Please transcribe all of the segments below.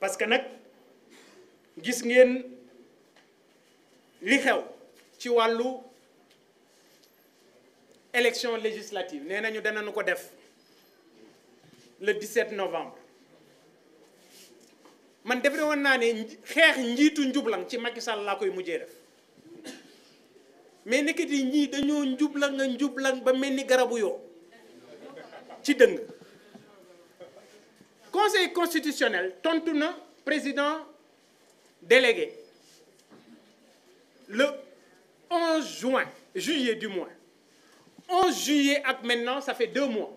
parce que nag gis ngeen li xew ci wàllu élection législative nee nañu danañu ko def le 17 novembre man def defe woon naa ne xeex njiitu njublang ci Macky Sall laa koy mujjee def mais yi ñii dañoo njublang nga njublang ba mel ni garabu yoo ci dëng conseil constitutionnel ton président délégué le 11 juin juillet du mois 11 juillet et maintenant ça fait deux mois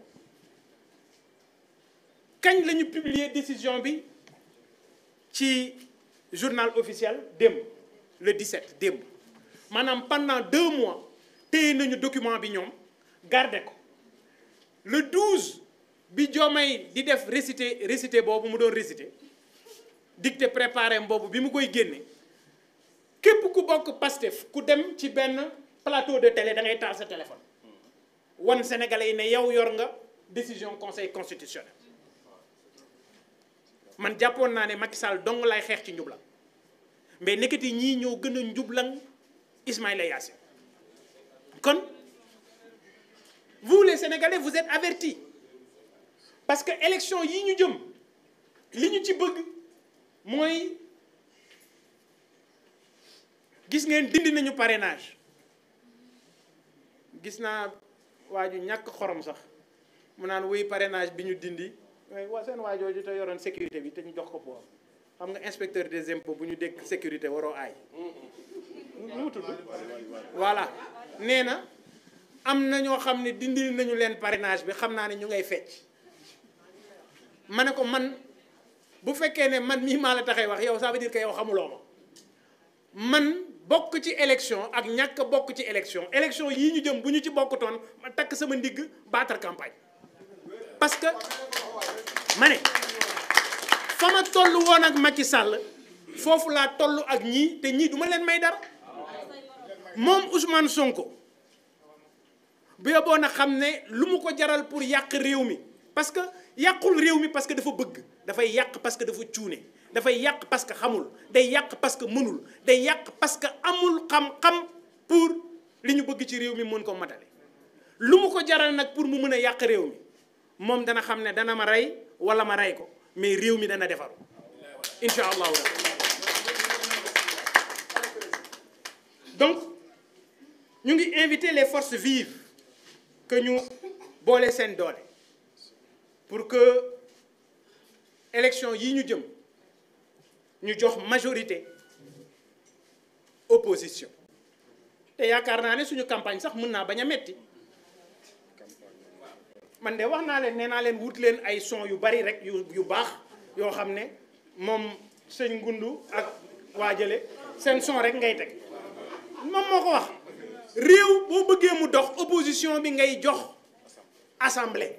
Quand nous publié la décision sur le journal officiel le 17 maintenant pendant deux mois nous avons document bi garde le 12 bi je di def réciter récité bobu mu réciter. récité dicté préparé bi mu koy guenné képp ku bok Pastef ku dem ci plateau de télé da ngay téléphone won sénégalais né yow yor nga décision conseil constitutionnel man japon n'a ne Macky Sall dong lay mais nekkati ñi ñoo gëna njublang Ismaïla kon vous les sénégalais vous êtes avertis parce que élection yi ñu jëm li ñu ci bëgg mooy gis ngeen dindi nañu parrainage gis naa waa ju ñàkk xorom sax mu naan wuy parenage bi ñu dindi waa seen waajooju te yoroon sécurité bi te ñu jox ko poids xam nga inspecteur des impôts bu ñu dégg sécurité waroo aay lu mu tudd voilà nee na am na ñoo xam ne dindi nañu leen parrainage bi xam naa ne ñu ngay fecc ma ne ko man bu fekkee ne man mii maa la taxee wax yow ça veut dire que xamuloo ma man bokk ci élection ak ñàkk bokk ci élection élection yii ñu jëm bu ñu ci bokkutoon ma takk sama ndigg baatar campagne parce que ma ne fa ma toll woon ak Macky Sall foofu laa toll ak ñii te ñii duma leen may dara moom Ousmane Sonko bu yeboo na xam ne lu mu ko jaral pour yàq réew mi parce que yàqul réew mi parce que dafa bëgg dafay yak parce que dafa cuune dafay yak parce que xamul day yak parce que mënul day yak parce que amul xam-xam pour liñu bëgg ci réew mi mën ko matalé lumu ko jaral nak pour mu mëna yak yàq réew mi moom dana xamné dana ma ray wala ma ray ko mais réew mi dana défar inshallah donc ñu ngi inviter les forces vives que ñu bolé sen doolé pour que l'élection yi ñu jëm ñu jox majorité opposition Et yaakaar naa ne suñu campagne sax mën naa bañ a metti man de wax naa leen wut leen ay son yu bari rek yu yu bax yo xamné mom sëñ Ngundu ak waajale sen son rek ngay teg mom moko wax réew bo bëggé mu dox opposition bi ngay jox assemblée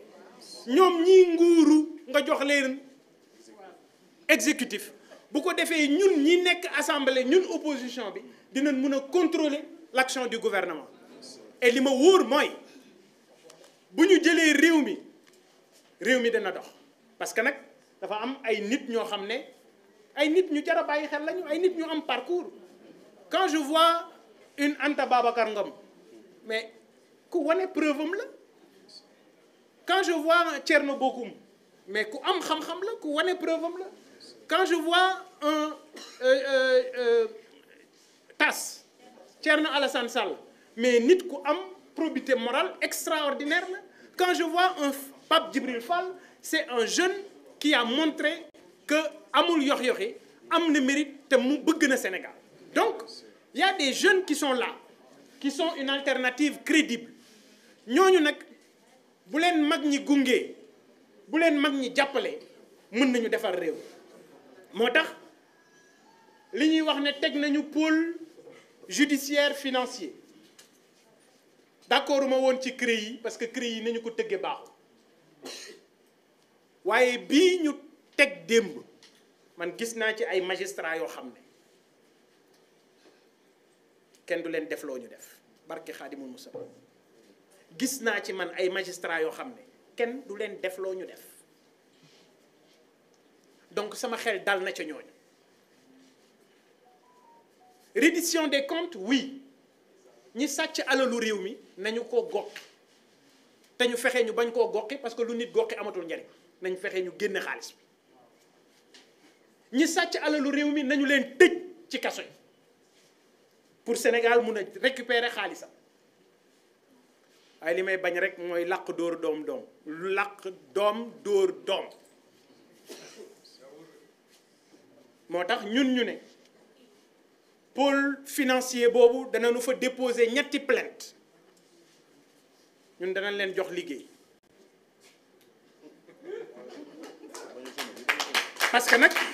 ñom ñi nguru nga jox leen exécutif bu ko sommes ñun assemblée opposition bi contrôler l'action du gouvernement et ce qui est mooy c'est réew parce que quand dafa am ay nit ño xamné ay ñu a xel lañu parcours quand je vois une Anta Babacar mais ku preuve quand je vois Tcherno Bokoum mais ku am xam preuve quand je vois un euh, euh, euh Tass Thierno Alassane Sall mais nit ku am probité morale extraordinaire quand je vois un Pape Djibril Fall c'est un jeune qui a montré que amul yox mérite de mu Sénégal donc il y a des jeunes qui sont là qui sont une alternative crédible buleen mag ñi gunge bu leen mag ñi jàppale mën nañu defar réew moo tax li ñuy wax ne teg nañu pôle judiciaire financier d'accord ma woon ci CREI yi parce que CREI yi nañu ko tëggee baaxul waaye bii ñu teg démb man gis naa ci ay magistrats yoo xam ne kenn du leen def loo ñu def barke Xaadimul Mustafa gis naa ci man ay magistrats yoo xam ne kenn du leen def loo ñu def donc sama xel dal na ca ñooñu reddition des comptes oui ñi sàcc alalu réew mi nañu ko goqi te ñu fexe ñu bañ koo goqi parce que lu nit goqi amatul njariñ nañ fexe ñu génne xaalis bi ñi sàcc alalu réew mi nañu leen tëj ci kaso yi pour Sénégal mun a récupérer xaalisam waaye li may bañ rek mooy làq dóor doom doom làq doom dóor doom moo tax ñun ñu ne pôle financier boobu dana nu fa déposer ñetti plainte ñun danañ leen jox liggéey parce que nag